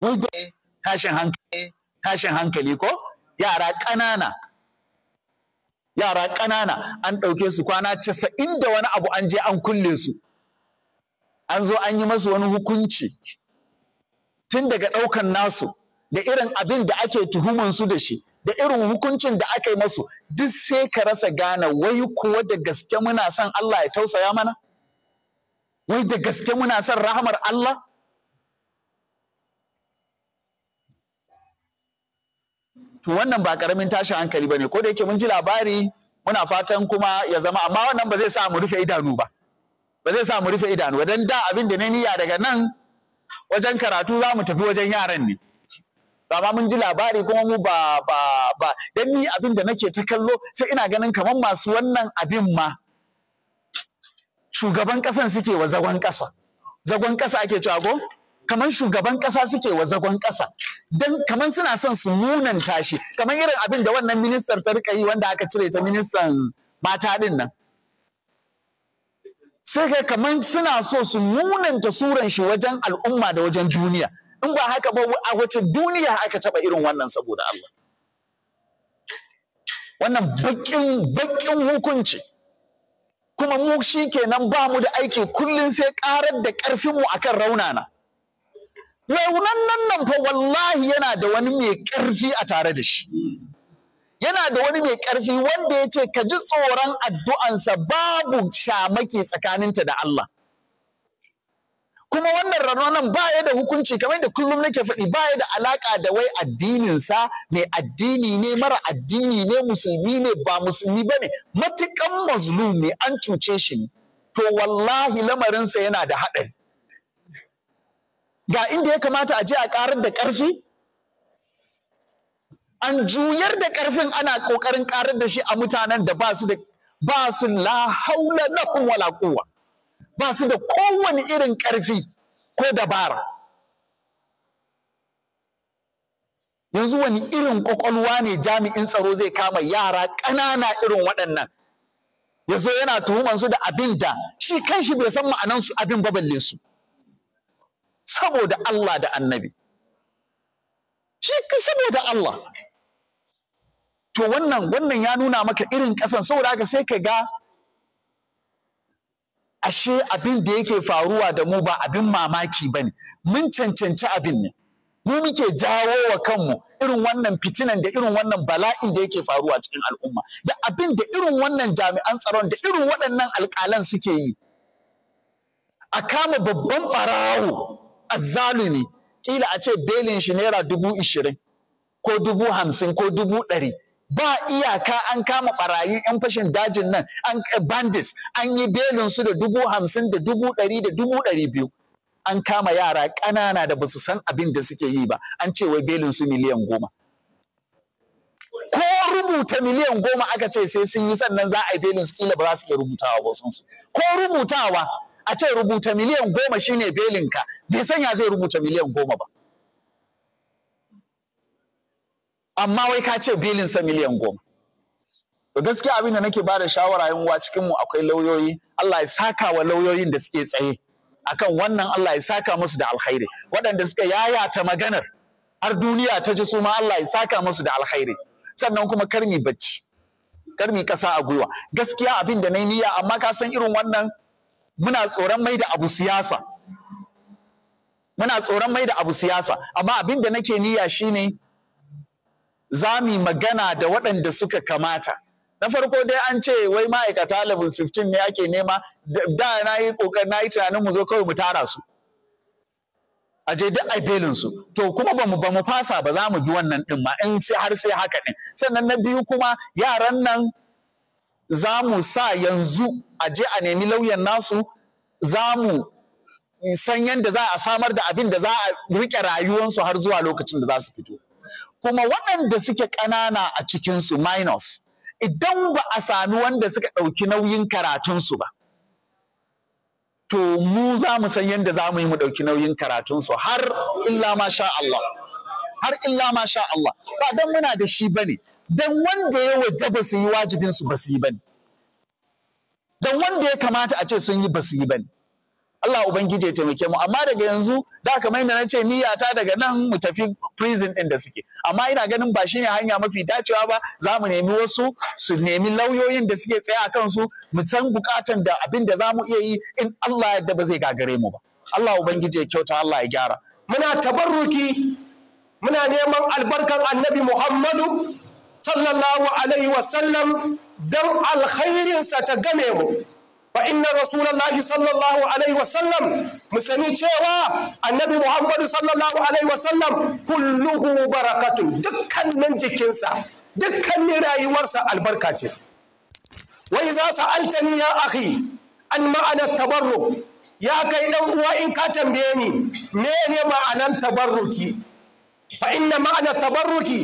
mugun tashin hankali tashin hankali ko yara ƙanana yara ƙanana an ɗauke su kwana casa'in da wani abu an je an kulle su an zo an yi masu wani hukunci tun daga ɗaukan nasu da irin abin da ake tuhuman su da shi da irin hukuncin da aka yi masu duk sai ka rasa gane wai kuwa da gaske muna son Allah ya tausaya mana wai da gaske muna son rahamar Allah to wannan ba karamin tashin hankali bane ko da yake mun ji labari muna fatan kuma ya zama amma wannan ba zai sa mu rufe idanu ba ba zai sa mu rufe idanu wajen da abin da na niyya daga nan wajen karatu za mu tafi wajen yaran ne Ba ma mun ji labari kuma mu ba ba ba dan ni abin da nake ta kallo sai ina ganin kamar masu wannan abin ma shugaban kasan suke wa zagon kasa zagon kasa ake cewa ko kamar shugaban ƙasa suke wa zagon ƙasa don kamar suna son su munanta shi kamar irin abin da wannan ministan ta rika yi wanda aka cire ta ministan mata din nan sai kai kamar suna so su munanta suran shi wajen al'umma da wajen duniya in ba haka ba a wace duniya aka taba irin wannan saboda Allah wannan baƙin baƙin hukunci kuma mu shi kenan ba mu da aiki kullum sai ƙarar da ƙarfinmu akan raunana raunan nan nan fa wallahi yana da wani mai ƙarfi a tare da shi yana da wani mai ƙarfi wanda ya ce ka ji tsoron addu'ansa babu shamaki tsakaninta da Allah kuma wannan rano nan ba ya da hukunci kamar da kullum nake faɗi ba ya da alaƙa da wai addininsa mai addini ne mara addini ne musulmi ne ba musulmi ba ne matuƙan mazlumi an cuce shi ne to wallahi lamarinsa yana da haɗari ga inda ya kamata a je a ƙarar da ƙarfi an juyar da ƙarfin ana ƙoƙarin ƙarar da shi a mutanen da ba su da ba su la haula lahum wala quwwa ba su da kowane irin ƙarfi ko dabara yanzu wani irin ƙwaƙwalwa ne jami'in tsaro zai kama yara ƙanana irin waɗannan ya zo yana tuhumansu da abin da shi kan shi bai san ma'anansu abin baballe su saboda Allah da annabi shi ka saboda Allah to wannan wannan ya nuna maka irin ƙasan saboda haka sai ka ga ashe abin da yake faruwa da mu ba abin mamaki ba ne mun cancanci abin ne mu muke jawo wa kanmu irin wannan fitinan da irin wannan bala'in da yake faruwa cikin al'umma da abin da irin wannan jami'an tsaron da irin waɗannan alƙalan suke yi a kama babban ɓarawo azzalumi kila a ce belin shi naira dubu ishirin ko dubu hamsin ko dubu ɗari ba iyaka an kama barayi yan fashin dajin nan an eh, bandits an yi belin su da dubu hamsin da dubu ɗari da dubu ɗari biyu an kama yara ƙanana da ba su san abin da suke yi ba an ce wai belin su miliyan goma ko rubuta miliyan goma aka ce sai sun yi sannan za a yi belin su kila ba za su iya rubutawa ba sun su ko rubutawa a ce rubuta miliyan goma shine belinka bai sanya zai rubuta miliyan goma ba amma wai ka ce belinsa miliyan goma to gaskiya abin da nake bada shawara yin uwa cikin mu akwai lauyoyi Allah ya saka wa lauyoyin da suke tsaye akan wannan Allah ya saka musu da alkhairi waɗanda suka yayata maganar har duniya ta ji su ma Allah ya saka musu da alkhairi sannan kuma karmi bacci karmi kasa a gwiwa gaskiya abin da na yi niyya amma ka san irin wannan muna tsoron mai da abu siyasa muna tsoron mai da abu siyasa amma abin da nake niyya shine za mu magana da waɗanda suka kamata na farko dai an ce wai ma'aikata level 15 ne ake nema da na yi ƙoƙari na yi tunanin mu zo kawai mu tara su a je duk a belin su to kuma ba mu ba mu fasa ba za mu bi wannan ɗin ma in sai har sai haka din sannan na biyu kuma yaran nan za mu sa yanzu a je a nemi lauyan nasu za mu san yadda za a samar da abin da za a riƙe rayuwarsu har zuwa lokacin da za su fito kuma waɗanda suke ƙanana a cikinsu minus idan ba a sami wanda suka ɗauki nauyin karatunsu ba to mu za mu san yadda za mu yi mu ɗauki nauyin karatunsu har illa ma sha Allah har illa ma sha Allah ba don muna da shi ba ne. don wanda ya wajaba su yi wajibin su ba su yi bane don wanda ya kamata a ce sun yi ba su yi bane Allah ubangiji ya taimake mu amma daga yanzu da kamar mai na ce niyyata daga nan mu tafi prison din da suke amma ina ganin ba shine hanya mafi dacewa ba za mu nemi wasu su nemi lauyoyin da suke tsaye a kansu mu san bukatan da abin da za mu iya yi in Allah yadda ba zai gagare mu ba Allah ubangiji ya kyauta Allah ya gyara muna tabarruki muna neman albarkan annabi Muhammadu sallallahu alaihi wasallam don alkhairinsa ta game mu fa inna rasulullahi sallallahu alaihi wasallam mu sani cewa annabi muhammadu sallallahu alaihi wasallam kulluhu barakatun dukkanin jikinsa dukkanin rayuwarsa albarka ce wa idza sa'altani ya akhi an ma'ana tabarruk ya kai dan uwa in ka tambaye ni me ne ma'anan tabarruki fa inna ma'ana tabarruki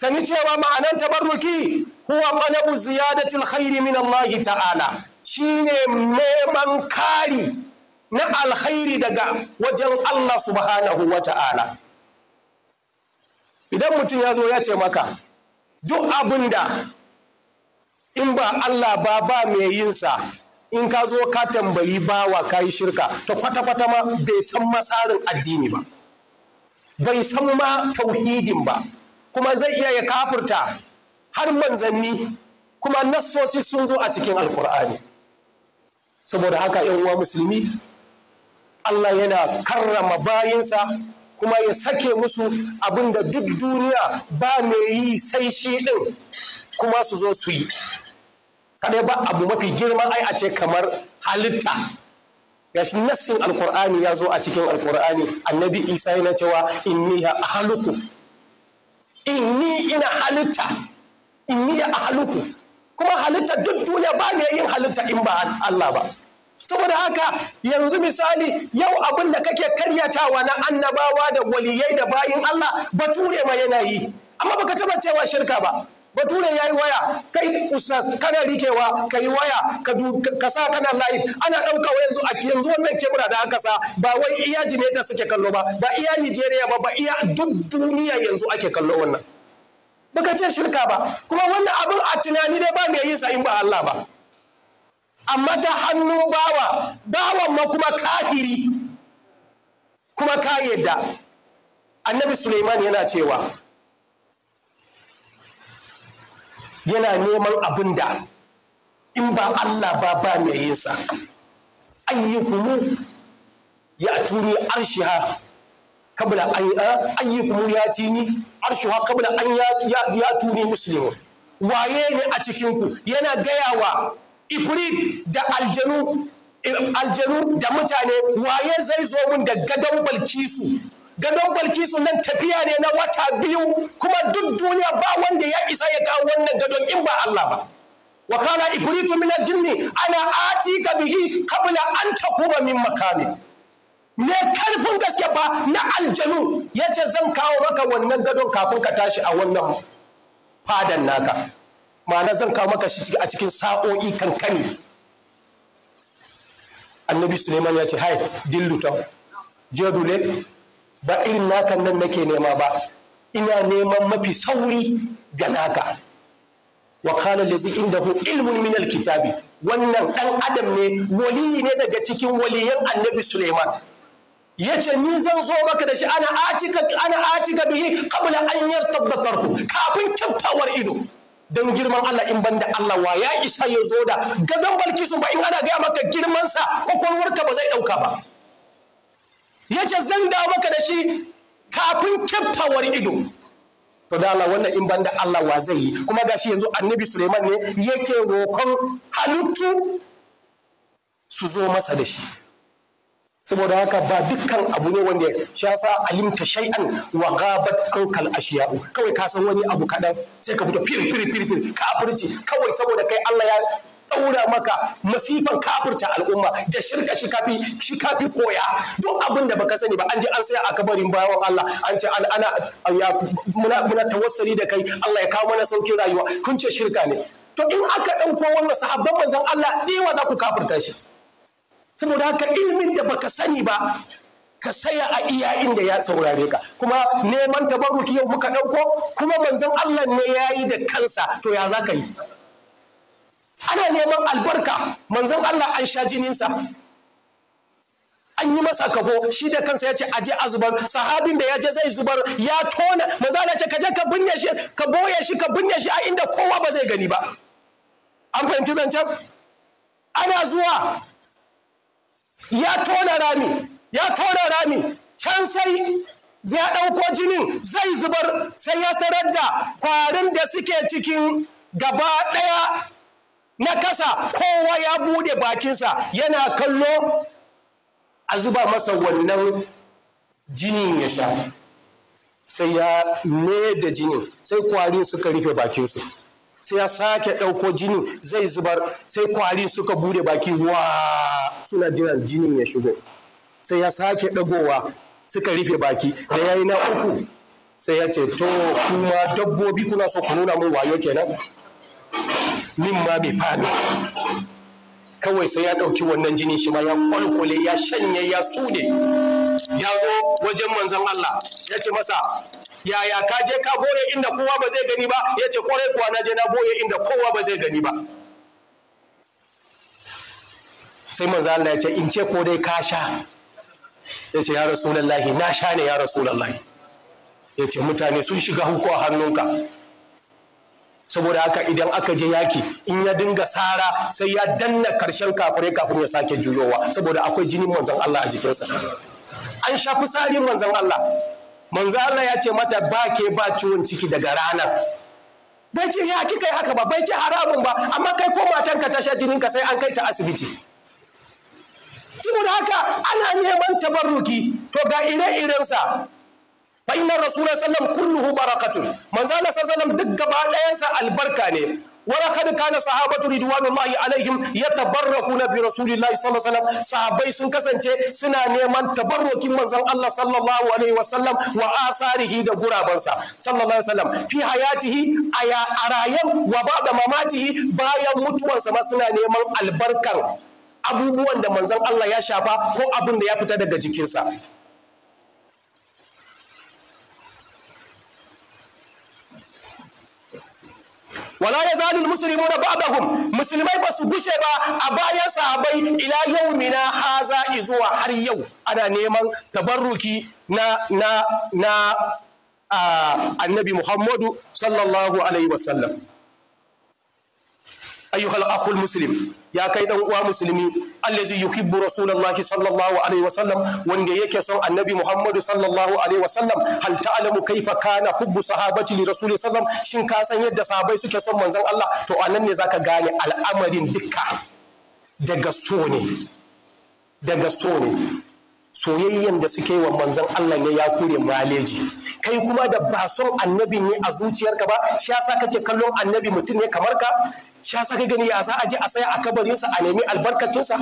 sani cewa ma'anan tabarruki huwa qalabu ziyadatil khairi min Allah ta'ala shine neman kari na alkhairi daga wajen Allah subhanahu wa ta'ala idan mutum ya zo ya ce maka duk abin da in ba Allah ba ba mai sa in ka zo ka tambayi bawa ka yi shirka to kwata-kwata ma bai san masarin addini ba bai san ma tauhidin ba kuma zai iya ya kafurta har manzanni kuma nassosi sun zo a cikin alkur'ani saboda haka yan uwa musulmi Allah yana karrama bayinsa kuma ya sake musu abinda duk duniya ba mai yi sai shi ɗin kuma su zo su yi kadai ba abu mafi girma ai a ce kamar halitta Ya shi nassin alkur'ani ya zo a cikin alkur'ani annabi isa yana cewa inni ya haluku inni ina halitta inni ya ahaluku kuma halitta duk duniya ba ne yin halitta in ba Allah ba saboda haka yanzu misali yau abin da kake karyatawa na annabawa da waliyai da bayin Allah bature ma yana yi amma baka taba cewa shirka ba bature ya yi waya kai ustaz kana rikewa ka yi waya ka sa kana live ana ɗauka yanzu a yanzu wannan kemura da aka sa ba wai iya jimeta suke kallo ba ba iya nigeria ba ba iya duk duniya yanzu ake kallo wannan baka ce shirka ba kuma wannan abin a tunani dai ba mai yi sa in ba Allah ba amma ta hannun bawa bawan ma kuma kafiri kuma ka yadda annabi suleiman yana cewa yana neman abin da in ba Allah ba ba mai sa ayyukumu ya tuni arshiha kabla an ayyukumu ya tini arshiha kabla an ya tuni muslimun waye ne a cikinku yana gayawa ifrit da aljanu eh, aljanu da mutane waye zai zo mun da gadon balci su gadon balkisu nan tafiya ne na wata biyu kuma duk duniya ba wanda ya isa ya kawo wannan gadon in ba Allah ba wa kana ifritu min aljinni ana atika bihi qabla an takuba min makami ne karfin gaske ba na aljanu yace zan kawo maka wannan gadon kafin ka tashi a wannan fadan naka ma'ana zan kawo maka shi a cikin sa'o'i kankani annabi suleiman ya ce hai Dillu ta, jiya dule ba irin nakan nan nake nema ba ina neman mafi sauri ga naka wa qala inda ku ilmun min alkitabi wannan dan adam ne wali ne daga cikin waliyan annabi suleiman Ya ce ni zan zo maka da shi ana atika ana atika bihi qabla an yartabda kafin kyautawar ido don girman Allah in banda Allah wa ya isa ya zo da gadon balkisu ba in ana gaya maka girmansa kwakwalwarka ba zai ɗauka ba ya zan dawo maka da shi kafin kyaftawar ido to da Allah wannan in banda Allah wa zai yi kuma gashi yanzu annabi Suleiman ne yake rokon halittu su zo masa da shi saboda haka ba dukkan abu ne wanda ya sa alimta shay'an wa ghabat ankal ashiya'u kawai ka san wani abu kaɗan sai ka fito fir fir fir ka afirci kawai saboda kai Allah ya ɗaura maka masifan kafirta al'umma da shirka shi kafi shi koya duk abin da baka sani ba an je an saya a kabarin bayan Allah an ce ana muna muna tawassali da kai Allah ya kawo mana saukin rayuwa kun ce shirka ne to in aka ɗauko wannan sahabban manzon Allah wa za ku kafirta shi saboda haka ilimin da baka sani ba ka saya a iya inda ya saurare ka kuma neman tabarruki yau muka ɗauko kuma manzon Allah ne ya yi da kansa to ya za ka yi ana neman albarka manzon Allah an sha jininsa an yi masa kafo shi da kansa ya ce a a zubar sahabin da ya je zai zubar ya tona manzo Allah ce ka je ka binne shi ka boye shi ka binne shi a inda kowa ba zai gani ba an fahimci zancen ana zuwa ya tona rami ya tona rami can sai ya ɗauko jinin zai zubar sai ya tarar da kwarin da suke cikin gaba ɗaya na kasa kowa ya bude bakinsa yana kallo a zuba masa wannan jinin ya sha sai ya da jinin sai kwari suka rufe bakinsu sai ya sake ɗauko jinin zai zubar sai kwari suka bude baki wa suna jiran jinin ya shigo sai ya sake ɗagowa suka rufe baki da ya yi na uku sai ya ce to kuma dabbobi kuna so ku nuna mun wayo kenan min ma bai faɗi kawai sai ya ɗauki wannan jini shi ma ya kwalkwale ya shanye ya sude ya zo wajen manzon Allah ya ce masa yaya ka je ka boye inda kowa ba zai gani ba ya ce kwarai kuwa na je na boye inda kowa ba zai gani ba sai manzan Allah ya ce in ce ko dai ka sha ya ce ya rasulallahi na sha ne ya rasulallahi ya ce mutane sun shiga hukuwa hannunka saboda haka idan aka je yaki in ya dinga sara sai ya danna karshen kafirai kafin ya sake juyowa saboda akwai jinin manzon Allah a jikinsa an sha fitsarin manzon Allah manzon Allah ya ce mata ba ke ba ciwon ciki daga rana?' bai ce yaki kai haka ba bai ce haramun ba amma kai ko matanka ta sha ka sai an kai ta asibiti saboda haka ana neman tabarruki to ga ire-irensa fa inna rasulullahi sallam kulluhu barakatun manzo Allah sallam duk gaba ɗayansa albarka ne ولقد كان صحابة رضوان الله عليهم يتبركون برسول الله صلى الله عليه وسلم صحابي سن كسانشي سنا نيمان تبركين منزل الله صلى الله عليه وسلم وآثاره دا غرابنسا صلى الله عليه وسلم في حياته أيا أرايم وبعد مماته بايا متوانسا ما سنا نيمان البركان abubuwan da manzon Allah ya shafa ko abin da ya fita daga jikinsa wala ya zalul na ba'dahum musulmai ba su gushe ba a bayan sahabai ila mina haza izuwa har yau ana neman tabarruki na na na annabi Muhammadu sallallahu alaihi wasallam ayyuhal akhul muslim ya kai dan uwa musulmi allazi yuhibbu rasulullahi sallallahu alaihi wasallam wanda yake son annabi muhammadu sallallahu alaihi wasallam hal ta'lamu kaifa kana hubbu sahabati li rasul sallam shin ka san yadda sahabbai suke son manzon Allah to anan ne zaka gane al'amarin dukka daga so ne daga so ne soyayyen da suke wa manzon Allah ne ya kure maleji kai kuma da ba son annabi ne a zuciyarka ba shi yasa kake kallon annabi mutum ne kamar ka sha sa gani ya za a je a saya a kabarinsa a nemi albarkacinsa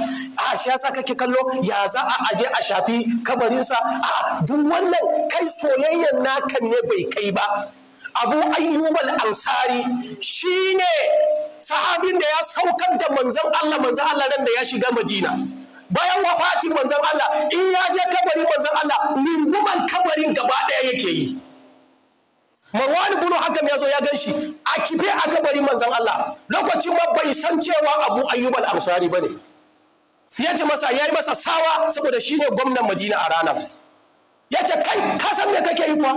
a sha sa kake kallo ya za a aje a shafi kabarinsa a duk wannan kai soyayyen naka ne bai kai ba abu ayyubal ansari shine sahabin da ya saukar da manzon Allah manzon Allah ran da ya shiga Madina bayan wafatin manzan Allah in ya je kabari manzon Allah runguman kabarin gaba ɗaya yake yi Marwan bunu Hakam ya zo ya gan shi a kife a kabarin manzan Allah lokacin ma bai san cewa Abu Ayyub al-Ansari bane sai ya ce masa yayi masa sawa saboda ne gwamnan Madina a ranar ya ce kai ka san me kake yi kwa?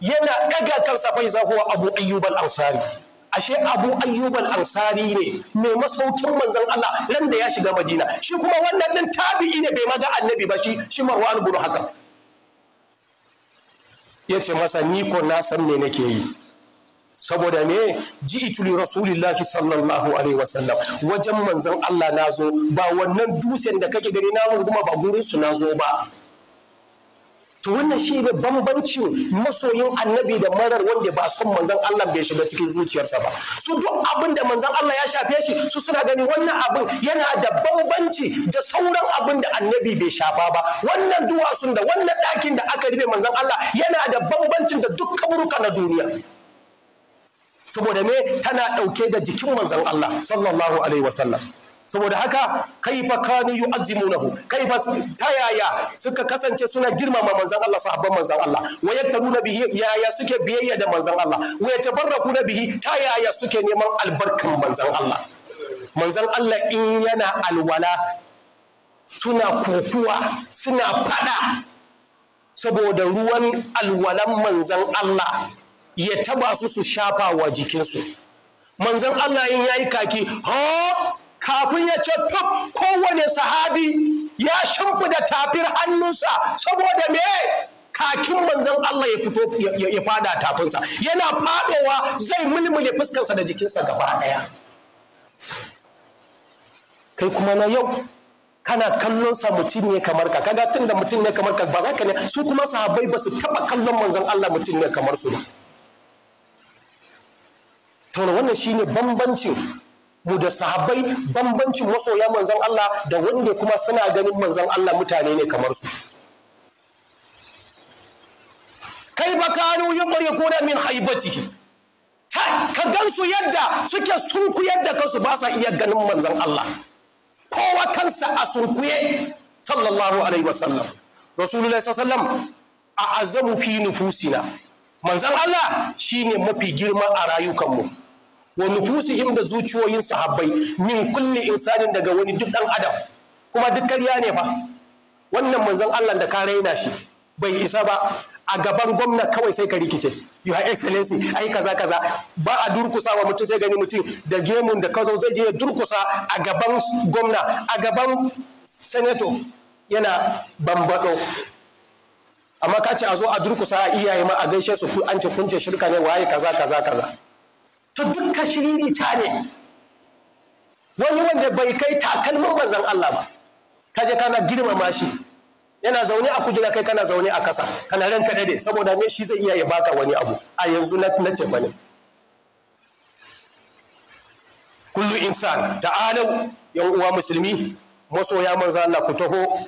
yana daga kansa fa za huwa Abu Ayyub al-Ansari ashe Abu ayyubal al-Ansari ne mai masaukin manzan Allah nan da ya shiga Madina shi kuma wannan din tabi'i ne bai maga annabi ba shi shi Marwan bunu Hakam ya ce masa niko na san me nake yi saboda me ji ituli rasulillahi sallallahu alaihi wasallam wajen manzon Allah nazo ba wannan dusen da kake gani na kuma ba gurin su nazo ba to wannan shi ne bambancin masoyin annabi da marar wanda ba son manzan Allah bai shiga cikin zuciyarsa ba su duk abin da manzon Allah ya shafe shi su suna gani wannan abin yana da bambanci da sauran abin da annabi bai shafa ba wannan duwatsun da wannan ɗakin da aka rufe manzan Allah yana da bambancin da duk kaburuka na duniya saboda me tana ɗauke da jikin manzan Allah sallallahu alaihi wasallam saboda haka kaifa kanu yu'azzimunahu kaifa ta yaya suka kasance suna girmama manzan Allah sahabban manzon Allah wa yattabuna bihi yaya suke biyayya da manzan Allah wa na bihi ta yaya suke neman albarkan manzan Allah Manzan Allah in yana alwala suna kokuwa suna fada saboda ruwan alwalan manzan Allah ya taba su su shafa wa jikinsu manzan Allah in yayi kaki ha kafin ya ce tab kowane sahabi ya da tafin hannunsa saboda me kakin manzon Allah ya fito ya fada tafinsa yana fadowa zai mulmule fuskarsa da jikinsa gaba daya kai kuma na yau kana kallon sa mutum ne kamar ka kaga tun da mutum ne kamar ka ba za ka ne su kuma sahabbai ba su taba kallon manzon Allah mutum ne kamar su ba to wannan shine bambancin mu da sahabbai bambancin masoya manzon Allah da wanda kuma suna ganin manzon Allah mutane ne kamar su kai ba kanu ko min haibati. ka gan su yadda suke sunkuyar da kansu ba sa iya ganin manzan Allah kowa kansa a sunkuye sallallahu alaihi wasallam Rasulullah sallallahu a azamu fi nufusina manzon Allah shine mafi girma a rayukanmu wa nufusihim da zuciyoyin sahabbai min kulli insanin daga wani duk dan adam kuma duk karya ne fa wannan manzon Allah da ka raina shi bai isa ba a gaban gwamna kawai sai ka rikice your excellency ai kaza kaza ba a durkusa wa mutum sai gani mutum da gemun da kazo zai je ya durkusa a gaban gwamna a gaban senator yana bambado amma ka a zo a durkusa a iyaye ma a gaishe su an ce kunce shirka ne waye kaza kaza kaza to dukkan shiriri ta ne wani wanda bai kai takalmin manzan Allah ba ka je kana girmama shi yana zaune a kujera kai kana zaune a kasa kana ranka dade saboda me shi zai iya ya baka wani abu a yanzu na ce bane kullu insan ta'alau yan uwa musulmi masoya manzo Allah ku taho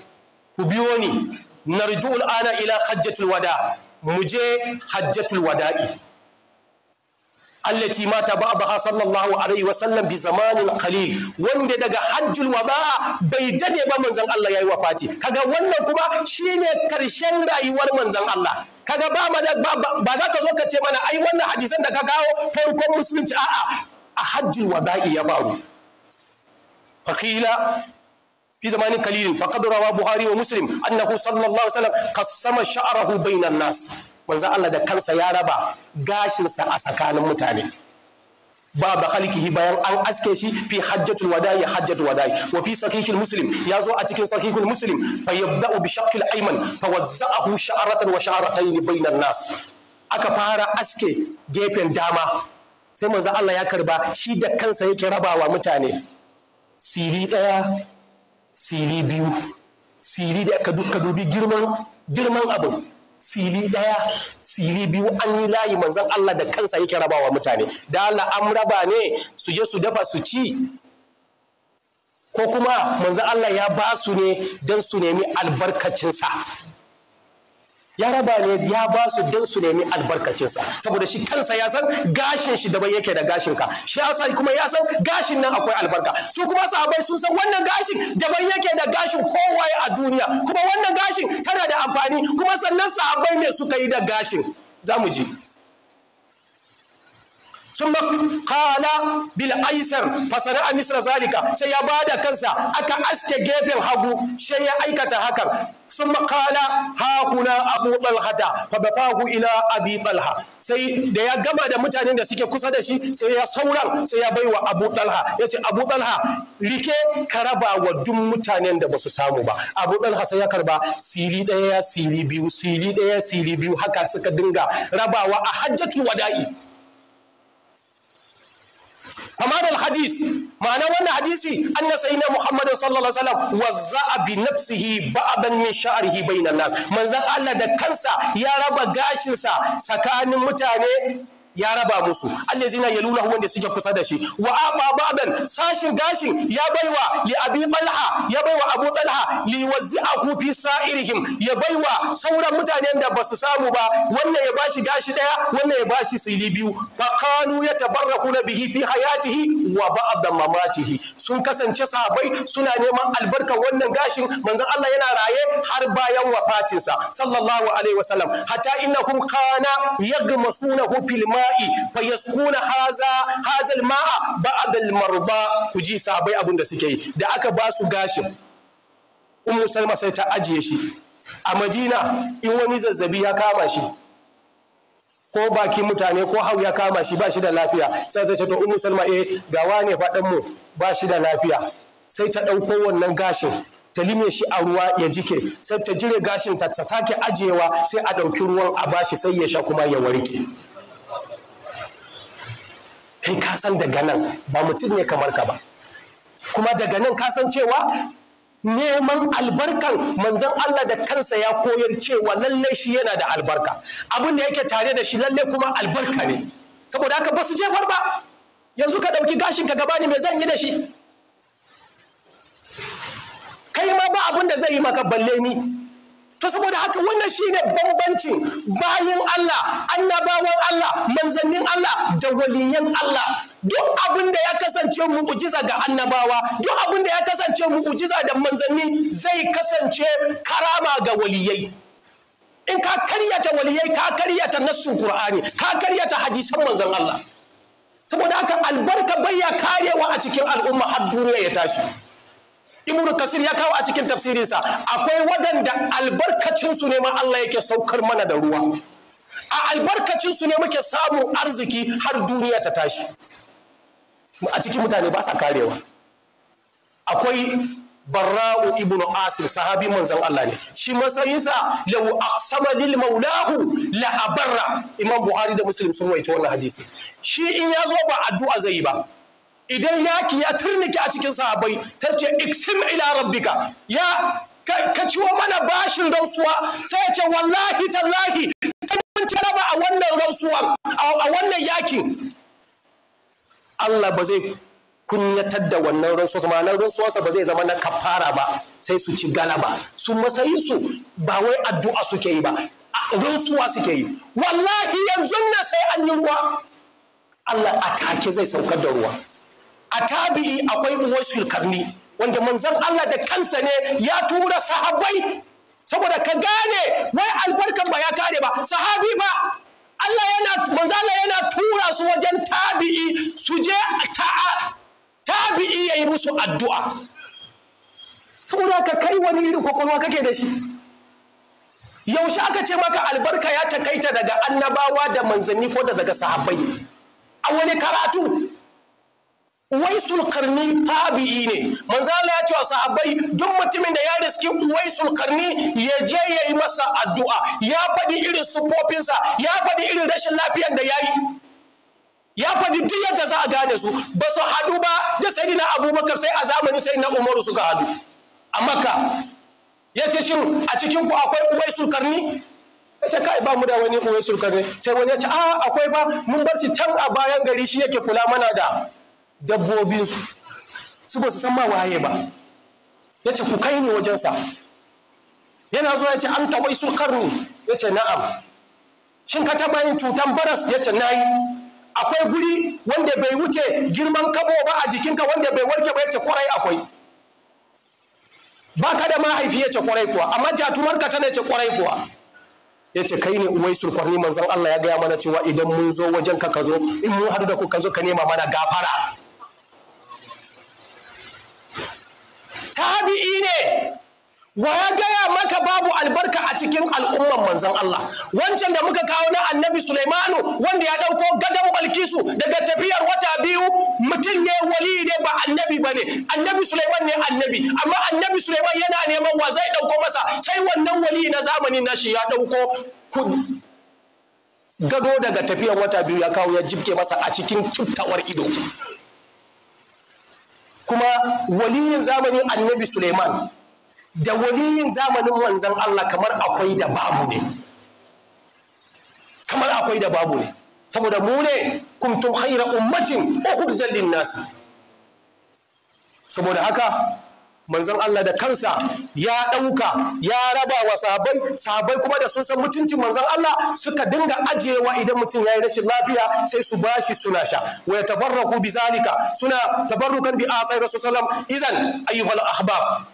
ku biyo ni narju'ul ana ila hajjatul wada mu je hajjatul wada'i allati mata ba'daha sallallahu alaihi wa sallam bi zamanin qalil wanda daga hajjul waba bai dade ba manzon Allah yayi wafati kaga wannan kuma shine karshen rayuwar manzon Allah kaga ba ba za ka zo ka ce mana ai wannan hadisan da ka kawo farkon musulunci a'a a hajjul wada'i ya faru fakila في zamanin Kalilin, فقد روى البخاري ومسلم انه صلى الله عليه وسلم قسم sha'rahu bainan nas manzo Allah da kansa ya raba gashinsa a tsakanin mutane ba da hi bayan an aske shi fi hajjatul wada'i hajjatul wada'i wa fi sahihil muslim ya zo a cikin sahihul muslim fa yabda'u bi shaqqil ayman fa wazza'ahu sha'ratan wa sha'ratayn bainan nas aka fara aske gefen dama sai manzo Allah ya karba shi da kansa yake rabawa mutane siri ɗaya, siri biyu siri da ka dubi girman girman abin sili ɗaya, sili biyu an yi layi manzon Allah da kansa yake rabawa mutane da Allah an raba ne su je su dafa su ci ko kuma manzan Allah ya ba su ne don su nemi albarkacinsa ya raba ne ya ba su don su nemi albarkacinsa saboda shi kansa ya san gashin shi daban yake da gashin ka shi yasa kuma ya san gashin nan akwai albarka su kuma sahabbai sun san wannan gashin daban yake da gashin kowaye a duniya kuma wannan gashin tana da amfani kuma sannan sahabbai ne suka yi da gashin za mu ji sun kala bil aisar fasana a zalika sai ya bada kansa aka aske gefen hagu sai ya aikata hakan sun makala hakuna abu talhata fa bafahu ila abi talha sai da ya gama da mutanen da suke kusa da shi sai ya sauran sai ya baiwa abu talha ya ce abu talha rike ka raba wa duk mutanen da basu samu ba abu talha sai ya karba sili ɗaya sili biyu sili ɗaya sili biyu haka suka dinga rabawa a hajjatul wada'i amma hadis ma'ana wannan hadisi an na sayi na muhammadin sallallahu alaihi wasallam wazza nafsihi ba'adan min sha'arihi bainan nas manzan allah da kansa ya raba gashinsa tsakanin mutane ya raba musu allah ya lula wanda suke kusa da shi wa aba ba'dan sashin gashin ya baiwa li abi talha ya baiwa abu talha li wazzi'ahu fi sa'irihim ya baiwa sauran mutanen da basu samu ba wannan ya bashi gashi daya wannan ya bashi sili biyu fa qalu yatabarrakuna bihi fi hayatihi wa ba'da mamatihi sun kasance sahabbai suna neman albarkan wannan gashin manzon Allah yana raye har bayan wafatinsa sallallahu alaihi wasallam hatta innakum kana yaghmasunahu fil ma ma'i fayaskuna haza hazal ma'a ba'da al marda ku ji sabai abin da suke yi da aka ba su gashin ummu salma sai ta ajiye shi a madina in wani zazzabi ya kama shi ko baki mutane ko hau ya kama shi ba shi da lafiya sai zai to ummu salma eh ga wane faɗan mu ba shi da lafiya sai ta ɗauko wannan gashin ta lime shi a ruwa ya jike sai ta jire gashin ta ta take ajiyewa sai a ɗauki ruwan a bashi sai ya sha kuma ya warke kai ka san daga nan ba mutum ne kamar ka ba kuma daga nan ka san cewa neman albarkan manzon Allah da kansa ya koyar cewa lallai shi yana da albarka abin da yake tare da shi lalle kuma albarka ne saboda haka ba su jefar ba yanzu ka ɗauki gashin ka gabani mai zan yi da shi kai ma ba abin da zai yi maka balle ni to saboda haka wannan shine bambancin bayin Allah annabawan Allah manzannin Allah da waliyan Allah duk abin da ya kasance mu'ujiza ga annabawa duk abin da ya kasance mu'ujiza da manzanni zai kasance karama ga waliyai in ka karyata waliyai ka karyata nassun qur'ani ka karyata hadisan manzon Allah saboda haka albarka bayya karewa a cikin al'umma har duniya ya tashi ibn kasir ya kawo a cikin tafsirinsa akwai waɗanda albarkacinsu ne ma Allah yake saukar mana da ruwa a albarkacinsu ne muke samun arziki har duniya ta tashi a cikin mutane ba sa karewa akwai barra'u ibnu asim sahabi manzan Allah ne shi matsayinsa law aqsama lil maulahu la abarra imam buhari da muslim sun waito wannan hadisi shi in ya zo ba addu'a zai yi ba idan yaki ya turnike a cikin sahabbai sai ce iksim ila rabbika ya ka ciwo mana bashin rausuwa sai ya ce wallahi tallahi sai mun ci raba a wannan rantsuwan a wannan yakin Allah ba zai kunyatar da wannan rantsuwa ma'anar rantsuwarsa ba zai zama na kafara ba sai su ci galaba su masayin su ba wai addu'a suke yi ba rasuwa suke yi wallahi yanzu na sai an yi ruwa Allah a take zai saukar da ruwa a tabi'i akwai uwaisul karni wanda manzon Allah da kansa ne ya tura sahabbai saboda ka gane wai albarkan ba ya kare ba sahabi ba Allah yana manzo Allah yana tura su wajen tabi'i su je tabi'i yayi musu addu'a saboda ka kai wani iri kwakwalwa kake da shi yaushe aka ce maka albarka ya takaita daga annabawa da manzanni ko daga sahabbai a wani karatu Uwaisul Karni tabi'i ne Manzala ya ce wa sahabbai duk mutumin da ya riski Uwaisul Karni ya je ya yi masa addu'a ya faɗi irin sufofinsa ya faɗi irin rashin lafiyar da ya yi ya faɗi duk yadda za a gane su ba su haɗu ba da na Abubakar sai a zamani sai na Umaru suka haɗu a Makka ya ce shin a cikin ku akwai Uwaisul Karni ya ce kai ba mu da wani Uwaisul Karni sai wani ya ce a ah, akwai ba mun bar shi can a bayan gari shi yake kula mana da dabbobinsu su ba su san ma waye ba ya ce ku kai ni wajensa yana zuwa ya ce an taɓa isu karni ya ce na'am shin ka taɓa yin cutan baras ya ce na yi akwai guri wanda bai wuce girman kabo ba a jikinka wanda bai warke ba ya ce kwarai akwai ba ka da mahaifi ya ce kwarai kuwa amma ka tana ya ce kwarai kuwa ya ce kai ne uwai sulkwarni zan Allah ya gaya mana cewa idan mun zo wajen ka ka zo in mun haɗu da ku ka zo ka nema mana gafara tabi'i ne wa ya gaya maka babu albarka a cikin al'umman manzan Allah wancan da muka kawo na annabi Sulaimanu wanda ya ɗauko gadon Balkisu daga tafiyar wata biyu mutum ne wali ne ba annabi ba ne. annabi Sulaiman ne annabi amma annabi Sulaiman yana neman wa zai ɗauko masa sai wannan wali na zamani na shi ya ɗauko gado daga tafiyar wata biyu ya kawo ya jibke masa a cikin kiftawar ido kuma waliyin zamanin annabi Suleiman da waliyin zamanin manzan Allah kamar akwai da babu ne kamar akwai da babu ne saboda mu ne kuntum khaira ummatin ukhrijat lin saboda haka manzon Allah da kansa ya ɗauka ya raba wa sahabai sahabai kuma da sun san mutuncin manzon Allah suka dinga ajewa idan mutum ya yi rashin lafiya sai su bashi suna sha wa ya tabarraku bi zalika suna tabarrukan bi asai rasul sallam idan ayyuhal ahbab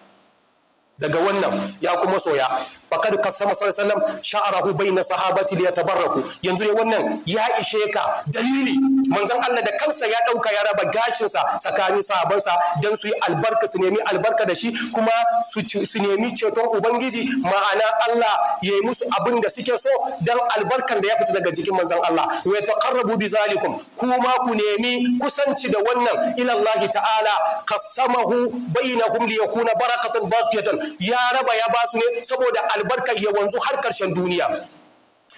daga wannan ya kuma soya faqad qasama sallallahu alaihi wasallam sha'arahu bayna sahabati li yatabarraku yanzu ne wannan ya ishe ka dalili manzon Allah da kansa ya dauka ya raba gashin sa tsakanin sahabansa dan su yi albarka su nemi albarka da shi kuma su nemi ceton ubangiji ma'ana Allah ya yi musu abin da suke so dan albarkan da ya fita daga jikin manzon Allah wa yataqarrabu bi zalikum kuma ku nemi kusanci da wannan ila Allah ta'ala qasamahu bainahum li yakuna barakatan baqiyatan ya raba ya basu ne saboda albarkar ya wanzu har ƙarshen duniya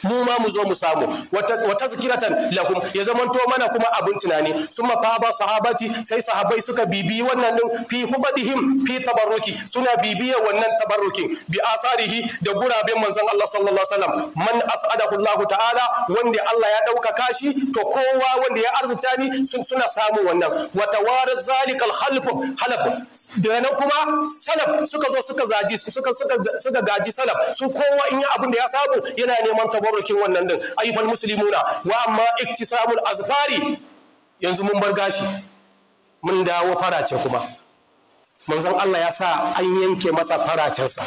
mu ma mu zo mu samu wata tazkiratan lakum ya zamanto mana kuma abin tunani sun sahabati sai sahabai suka bibi wannan din fi hubadihim fi tabarruki suna bibiya wannan tabarrukin bi asarihi da guraben manzon Allah sallallahu alaihi wasallam man as'adahu Allah ta'ala wanda Allah ya ɗaukaka kashi, to kowa wanda ya arzuta ni suna samu wannan wata warar zalikal khalf halaf da nan kuma salaf suka zo suka zaji suka suka gaji salaf su kowa in ya abin da ya samu yana neman tabarruki tabarrukin wannan din ayyukan na wa amma iktisamul azfari yanzu mun bar gashi mun dawo farace kuma manzon Allah ya sa an yanke masa faracensa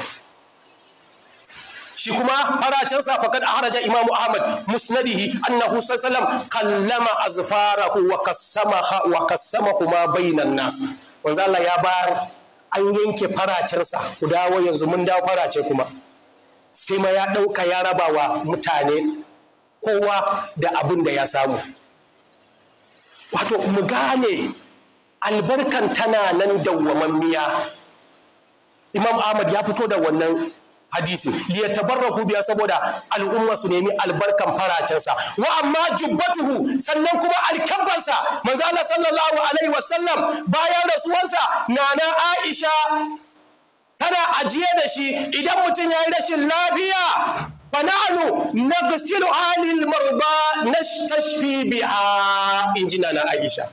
shi kuma faracensa faqad ahraja imamu ahmad musnadihi annahu sallallahu kallama azfarahu wa kassamaha wa kassamahuma bainan nas manzon Allah ya bar an yanke faracensa ku dawo yanzu mun dawo farace kuma sai ma ya ɗauka ya raba wa mutane kowa da abin da ya samu wato mu gane albarkan tana nan miya. imam ahmad ya fito da wannan hadisi liya tabarraku biya saboda al'umma su nemi albarkan faracensa wa amma jubbatuhu sannan kuma alkabansa manzo sallallahu alaihi wasallam bayan rasuwansa na na Aisha tana ajiye da shi idan mutum ya yi rashin lafiya fana'anu na gusilu alil marba na tashfi biha injina na aisha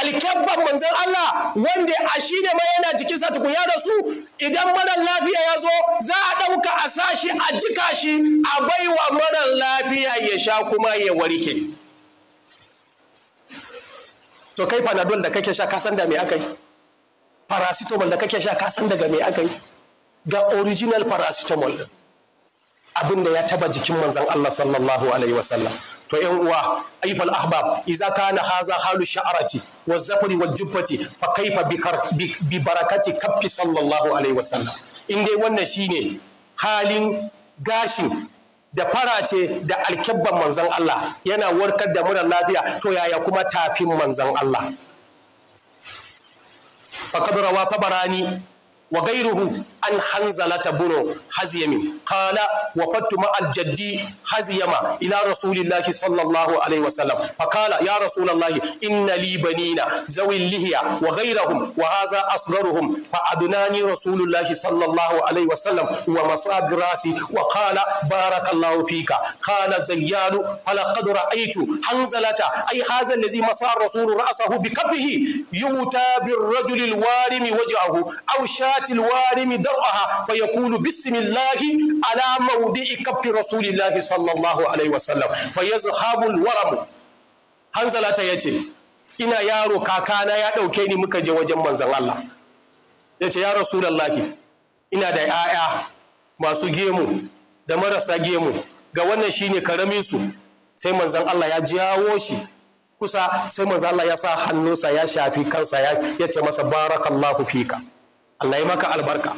alkebban manzan Allah wanda a shi ne ma yana jikinsa tuku ya su, idan marar lafiya ya zo za a ɗauka a sa shi, a jika shi a baiwa marar lafiya ya sha kuma ya warke to kai fanadol da kake sha kasan da me aka yi paracetamol da kake sha ka san daga me aka yi ga original paracetamol abin da ya taba jikin manzon Allah sallallahu alaihi wasallam to yan uwa ayyul ahbab idza kana haza halu sha'arati wa zafari wa jubbati fa kaifa bi barakati kaffi sallallahu alaihi wasallam in dai wannan shine halin gashin da farace da alkibban manzon Allah yana warkar da mura lafiya to yaya kuma tafin manzon Allah faqad rawa tabarani wa ghayruhu an hanzalata buro haziyami qala wa ma aljaddi haziyama ila rasulillahi sallallahu alaihi wasallam faqala ya rasulallahi inna li banina zawi lihiya wa ghayrahum wa haza asgaruhum fa adunani rasulullahi sallallahu alaihi wasallam wa masab rasi wa kala barakallahu fika kala zayyanu falaqad ra'aytu hanzalata ay hadha allazi masa rasulu ra'sahu bikabbihi yuta rajulil warimi wajhahu aw shatil warimi dar mar'aha fa kulu bismillahi ala mawdi'i kaffi rasulillahi sallallahu alaihi wasallam fa yazhabu alwaram hanzala ta yace ina yaro kakana ya ɗauke ni muka je wajen manzon Allah yace ya rasulullahi ina da 'ya'ya masu gemu da marasa gemu ga wannan shine karamin su sai manzan Allah ya jawo shi kusa sai manzan Allah ya sa hannunsa ya shafi kansa ya ce masa barakallahu fika Allah ya maka albarka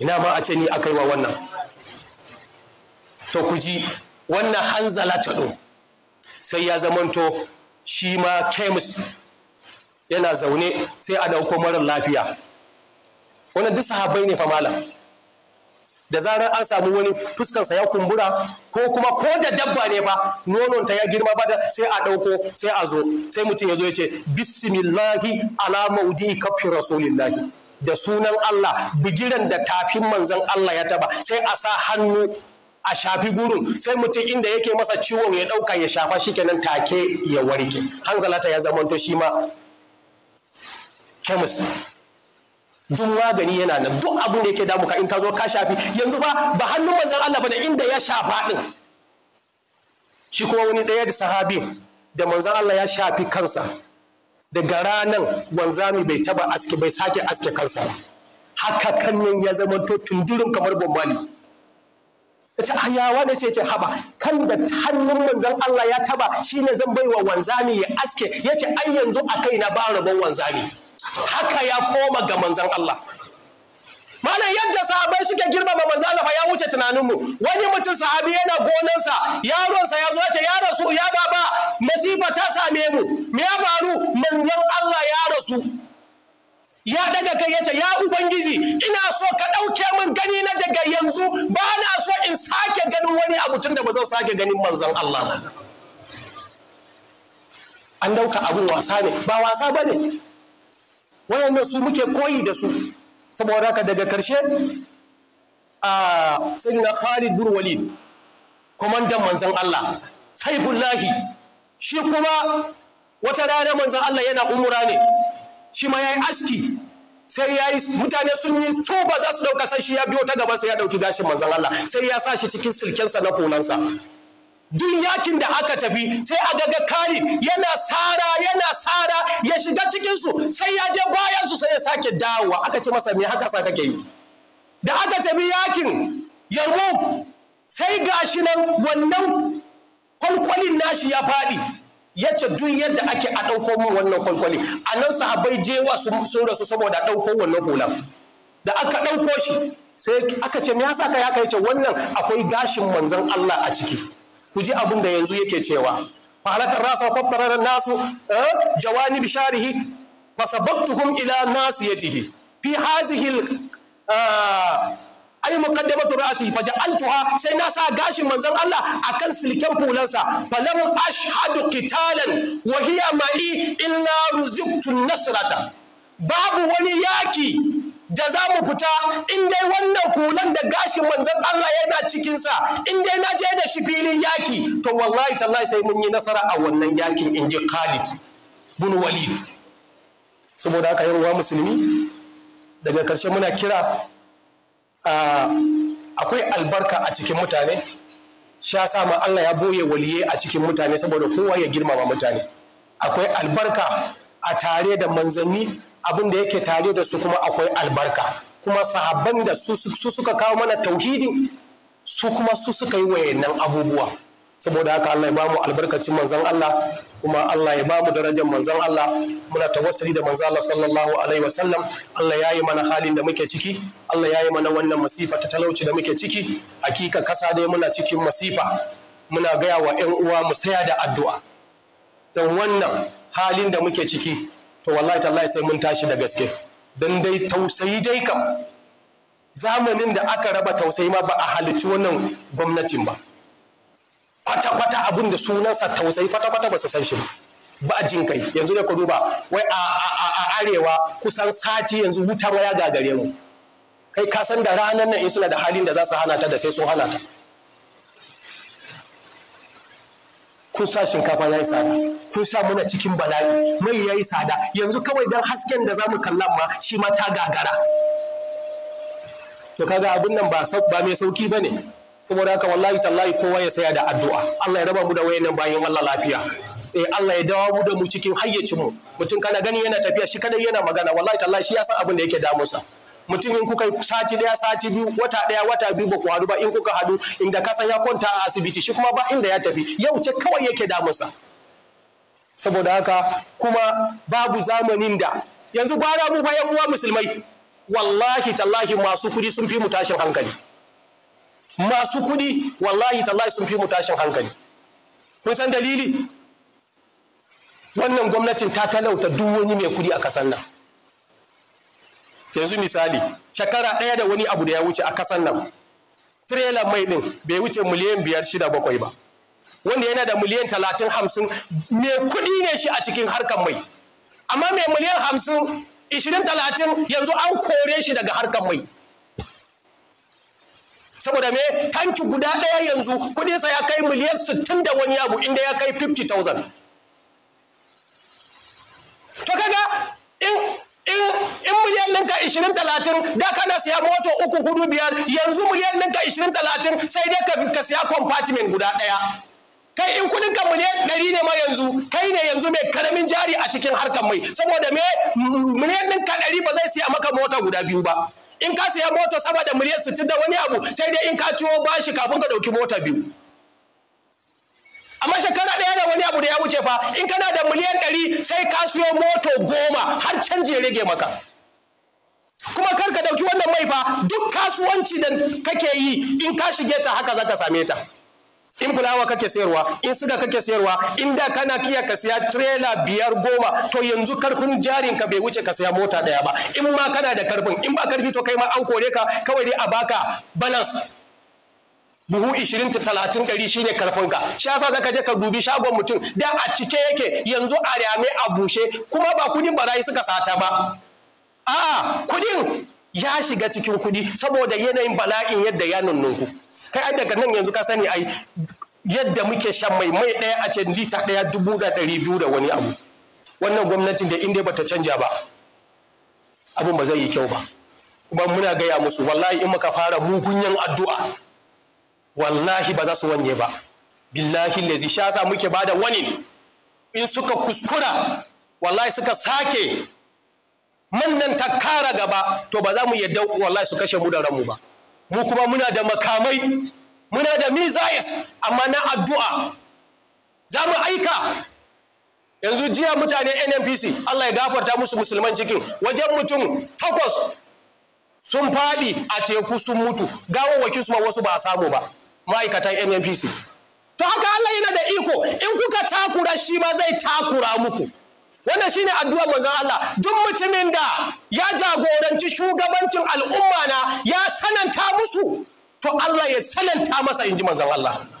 ina ma a ce ni aka yi wa wannan to ku ji wannan hanzala ta ɗo sai ya zamanto shi ma kemis yana zaune sai a ɗauko marar lafiya wannan duk sahabbai ne fa malam da zarar an samu wani fuskansa ya kumbura ko kuma ko da dabba ne ba ta ya girma ba sai a ɗauko sai a zo sai mutum ya zo ya ce bismillahi ala maudi kafin rasulillahi da sunan Allah bigiran da tafin manzon Allah ya taba sai a sa hannu a shafi gurin sai mutum inda yake masa ciwon ya ɗauka ya shafa shi kenan take ya warke hanzalata ya zamanto shi ma kemis duk magani yana nan duk abin da yake damu ka in ka zo ka shafi yanzu fa ba hannun manzan Allah bane inda ya shafa din shi kuma wani ɗaya da sahabi da manzon Allah ya shafi kansa daga ranar wanzami bai taba aske bai sake aske kansa ba haka kannin ya zama to tundurin kamar bombali ta ce ayawa ah, da ce ce haba kan da hannun manzon Allah ya taba shine zan baiwa wanzami ya aske yace ai yanzu a kai na ba rabon wanzami haka ya koma ga manzon Allah malam yadda sahabai suke girmama manzo Allah ya wuce tunanin mu wani mutum sahabi yana gonansa yaronsa ya zo ce ya rasu ya baba masifa ta same mu me ya faru manzon Allah ya rasu ya daga kai yace ya ubangiji ina so ka dauke min gani na daga yanzu ba na so in sake ganin wani abu tun da ba zan sake ganin manzon Allah ba an dauka abun wasa ne ba wasa bane wayannan su muke koyi da su saboda haka daga karshe a sayyidina Khalid bin Walid komandan manzon Allah saifullahi shi kuma wata rana manzon Allah yana umura ne shi ma yayi aski sai yayi mutane sun yi so ba za su dauka sai shi ya biyo ta gaban sai ya dauki gashin manzon Allah sai ya sa shi cikin silkensa na kunansa duk yakin da aka tafi sai a ga kari yana sara yana sara ya shiga cikin su sai ya je ba sake dawowa aka ce masa me haka sa kake yi da aka tafi yakin yarmu sai gashi nan wannan kwalkwalin nashi ya faɗi ya ce duk yadda ake a ɗauko min wannan kwalkwali a nan sahabbai jewa sun rasu saboda ɗauko wannan hulan da aka ɗauko shi sai aka ce me yasa kai haka ce wannan akwai gashin manzon Allah a ciki ku ji abin da yanzu yake cewa fa halaka rasa qaftara nasu eh, jawani bisharihi fasabaktuhum ila nasiyatihi fi hazihi ai muqaddamatu ra'si faja'altuha sai na sa gashin manzon Allah akan silken fulansa falam ashhadu qitalan wa hiya ma'i illa nasrata babu wani yaki da za mu fita in dai wannan fulan da gashin manzon Allah yana sa in dai na je da shi filin yaki to wallahi tallahi sai mun yi nasara a wannan yakin in ji Khalid bin Walid saboda aka yi ruwa musulmi daga karshe muna kira akwai albarka a cikin mutane sha sama Allah ya boye waliye a cikin mutane saboda kowa ya girmama mutane akwai albarka a tare da manzanni abin da yake tare da su kuma akwai albarka kuma sahabban da su suka kawo mana tauhidi su kuma su suka yi wayannan abubuwa saboda haka Allah ya bamu albarkacin manzon Allah kuma Allah ya bamu darajar manzon Allah muna tawassuli da manzon Allah sallallahu alaihi wasallam Allah ya yi mana halin da muke ciki Allah ya yi mana wannan masifa ta talauci da muke ciki hakika kasa dai muna cikin masifa muna gaya wa ƴan uwa mu saya da addu'a dan wannan halin da muke ciki to wallahi tallahi sai mun tashi da gaske dan dai tausayi dai kam zamanin da aka raba tausayi ma ba a halicci wannan gwamnatin ba kwata-kwata abin da sunansa tausayi kwata-kwata ba su san shi ba a jin kai yanzu ne ku duba wai a arewa kusan sati yanzu wuta ma ya gagare mu kai ka san da ranar nan in suna da halin da za su hana ta da sai sun hana ta kun sa shinkafa ya yi tsada kun sa muna cikin bala'i mai ya yi tsada yanzu kawai dan hasken da za mu kalla ma shi ma ta gagara to kaga abin nan ba mai sauki ba ne saboda haka wallahi tallahi kowa ya saya da addu'a Allah ya raba mu da wayannan bayan Allah lafiya eh Allah ya dawo mu da mu cikin hayyacin mu mutum kana gani yana tafiya shi kadai yana magana wallahi tallahi shi ya san abin da yake damunsa mutum in kuka sati daya sati biyu wata daya wata biyu ba ku hadu ba in kuka hadu inda kasan ya kwanta a asibiti shi kuma ba inda ya tafi yau ce kawai yake damunsa saboda haka kuma babu zamanin da yanzu gwara mu bayan uwa musulmai wallahi tallahi masu kudi sun fi mu tashin hankali masu kuɗi wallahi tallahi sun fi mu tashin hankali kun san dalili wannan gwamnatin ta talauta duk wani mai kuɗi a ƙasar nan yanzu misali shekara ɗaya da wani abu da ya wuce a ƙasar nan tirelan mai ɗin bai wuce miliyan biyar shida bakwai ba wanda yana da miliyan talatin hamsin mai kuɗi ne shi a cikin harkar mai amma mai miliyan hamsin ishirin talatin yanzu an kore shi daga harkar mai saboda me tanki guda ɗaya yanzu sa ya kai miliyan sittin da wani abu inda ya kai 50,000 to kaga in in miliyan ɗinka ishirin talatin da kana siya moto uku hudu biyar yanzu miliyan ɗinka ishirin talatin sai dai ka siya compartment guda ɗaya kai in kudin ka miliyan ɗari ne ma yanzu kai ne yanzu mai karamin jari a cikin harkar mai saboda me miliyan ɗinka ɗari ba zai siya maka mota guda biyu ba in ka siya mota sama da miliyan sittin da wani abu sai dai in ka ciwo bashi kafin ka ɗauki mota biyu amma shekara ɗaya da wani abu da ya wuce fa in kana da miliyan ɗari sai ka siyo moto goma har canji ya rage maka kuma kar ka ɗauki wannan mai fa duk kasuwanci da kake yi in ka shige ta haka za ka same ta. in fulawa kake sayarwa in suga kake sayarwa in da kana iya ka siya trailer biyar goma to yanzu karfin jarin ka bai wuce ka siya mota daya ba in ma kana da karfin in ba karfi to kai ma an kore ka kawai dai a baka balance buhu 20 talatin ɗari shine ka shi yasa zaka je ka dubi shagon mutum da a cike yake yanzu a rame a bushe kuma ba kudin barayi suka sata ba a'a kudin ya shiga cikin kudi saboda yanayin bala'in yadda ya nunnunku kai ai daga nan yanzu ka sani ai yadda muke shan mai mai ɗaya a ce lita ɗaya dubu da ɗari biyu da wani abu wannan gwamnatin da inda bata canja ba abin ba zai yi kyau ba kuma muna gaya musu wallahi in muka fara mugunyan addu'a wallahi ba za su wanye ba billahi lazi sha sa muke bada wani in suka kuskura wallahi suka sake mannan ta kara gaba to ba za mu yadda wallahi su kashe mu da ranmu ba mu kuma muna da makamai muna da mizais amma na addu'a za mu aika yanzu jiya mutane nnpc allah ya gafarta musu musulman cikin wajen mutum takwas sun faɗi a teku sun mutu gawawwakin su ma wasu ba a samu ba ma'aikatan nnpc to haka allah yana da iko in kuka takura shi ma zai takura muku wannan shine addu'ar manzon Allah duk mutumin da ya jagoranci shugabancin al'umma na ya sananta musu to Allah ya sananta masa inji manzon Allah